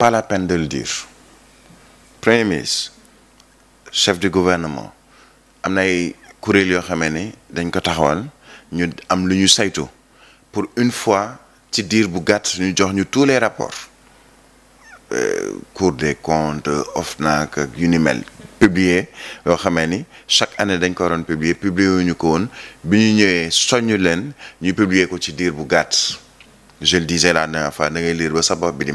pas la peine de le dire premier ministre chef du gouvernement nous publié, nous avons ni dañ ko pour une fois ci publié, bu tous les rapports euh, Cour des comptes publié yu ni chaque année dañ ko nous publier publié, nous ko publié, bi publier je le disais la dernière nous avons publié,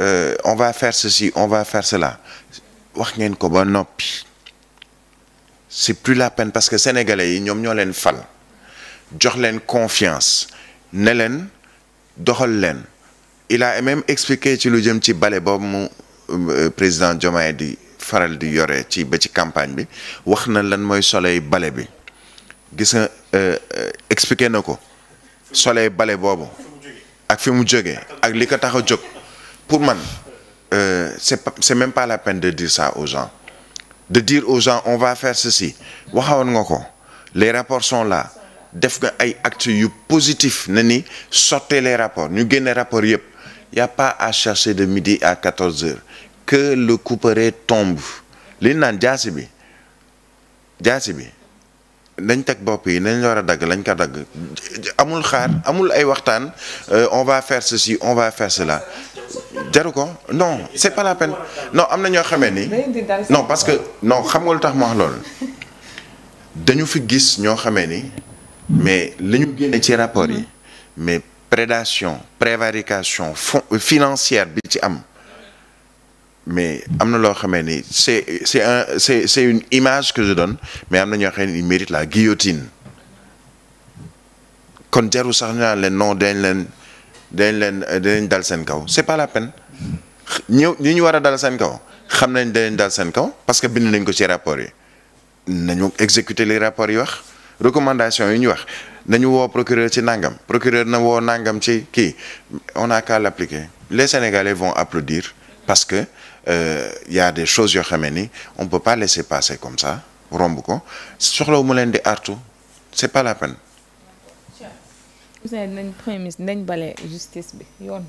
Euh, on va faire ceci, on va faire cela wax ngeen ko ba noppi c'est plus la peine parce que sénégalais yi ñoom fal jox leen confiance ne leen doxal leen il a même expliqué ci lu jëm ci bale boobu euh, président Diomaye di faral di yore ci ba ci campagne bi wax na lan mooy soleil bale bi gis nga euh, expliqué na ko soleil bale boobu ak fi mu jógee ak li ko tax pour moi, euh, ce c'est même pas la peine de dire ça aux gens de dire aux gens on va faire ceci les rapports sont là def ay actes acte positif sortez les rapports Il n'y y a pas à chercher de midi à 14 h que le couperet tombe li nañ tek bop yi nañ war a dagg lañ ko dag amul xaar amul ay waxtaan euh, on va faire ceci on va faire cela jaru non c'est pas la peine non amna na ñoo xamee ni non parce que non xam nga lutax tax ma wax loolu dañu fi gis ñoo xamé ni mais li guéné ci rapport yi mais prédation prévarication fond financière bi ci am mais am na loo ni c'est c'est un c'est une image que je donne mais amna ñu xamé ni ne ils la guillotine kon jarul sax naa leen non dañ leen dañ leen dañ dal sen kaw c'est pas la peine ñëw ñi ñu wara dal sen kaw xam nañ dañ dal sen kaw parce que bind nañ ko ci rapport yi nañu exécuter les rapports yi wax recommandation yi ñu wax nañu wo procureur ci nangam procureur na wo nangam ci ki on a qu'à l'appliquer les Sénégalais vont applaudir parce que il euh, y a des choses qui xamee ni on peut pas laisser passer comme ça romb ko le moulin de di artu c'est pas la peine. avez une premier ministre nañ bale justice bi yoon